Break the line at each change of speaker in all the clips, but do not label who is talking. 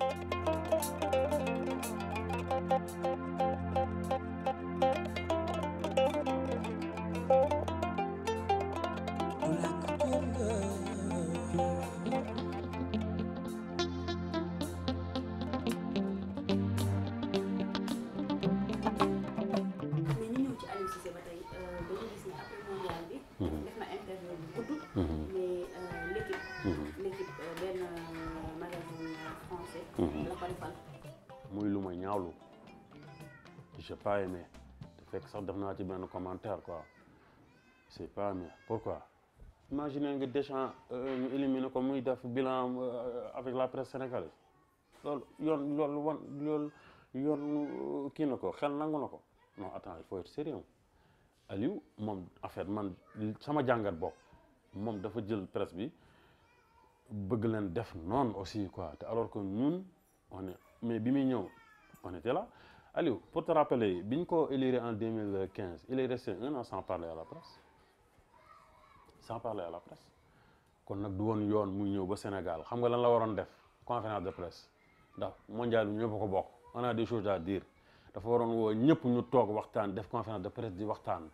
Música Je mhm. ne j'ai pas aimé Je ne sax commentaire quoi c'est pas aimé pourquoi imaginez que Deschamps ñu comme bilan euh, avec la presse sénégalaise Vous euh, ils non attends il faut être sérieux Aliou en man sama presse bëgg leen def noonu aussi quoi alors que ñun on est mais bi muy ñëw on était là Aliou pour te rappeler biñ il ko élire en 2015 il est resté un an sans parler à la presse sans parler à la presse kon nag du woon yoon muy ñëw ba Sénégal xam nga lan la waroon def conférence de presse ndax mondial bi ñëpp ko bokk on a des choses à dire dafa waroon woo ñëpp ñu toog waxtaan def conférence de presse di waxtaan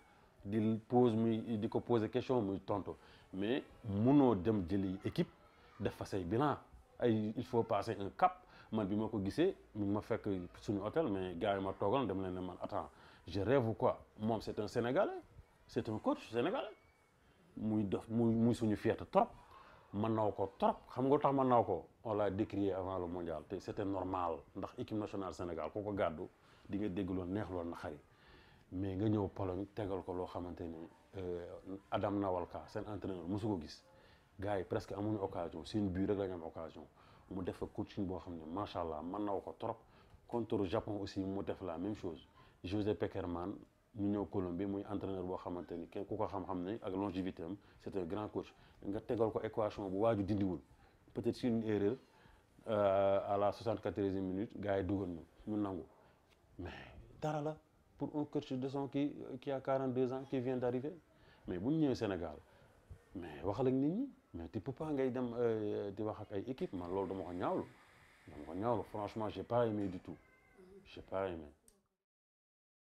di pose muy di ko poser question muy tonto mais munoo dem jëli équipe def fa bilan ay il faut passer un cap man bi ma ko gisee mi ma fekk suñu hôtel mais gars yi ma toogal dem leen man attends je rêve quoi moom c'est un sénégalais c'est un coach sénégalais muy def muy muy suñu fierté trop man naw trop xam nga tax man naw ko on l'a décrié avant le mondial te c'était normal ndax équipe nationale Sénégal koo ko gàddu di nga dégg loolu neex loolu na xari mais nga ñëw Pologne tegal ko loo xamante ni euh, Adam Nawalka seen entraîneur mosu ko gars presque presque mon occasion une but rek la ñu occasion mu def fa coaching boo xam machallah macha allah mën trop contre Japon aussi mu def la même chose José Pekerman ñu ñëw Colombie muy entraîneur boo xamante ni kenn ku ko xam-xam ne ak longévité c'est un grand coach nga tegal ko équation bu waaju dindiwul peut-être c'est une erreur euh, à la 74e minute gars yi dugal na nangu mais dara la pour un coach de son qui qui a 42 ans qui vient d'arriver mais bu ñu ñëwee Sénégal mais waxal ak nit ñi mais tu peux pas ngay une euh, di wax équipe man loolu dama ko ñaawlu non ko n'ai franchement j'ai pas aimé du tout Je j'ai pas aimé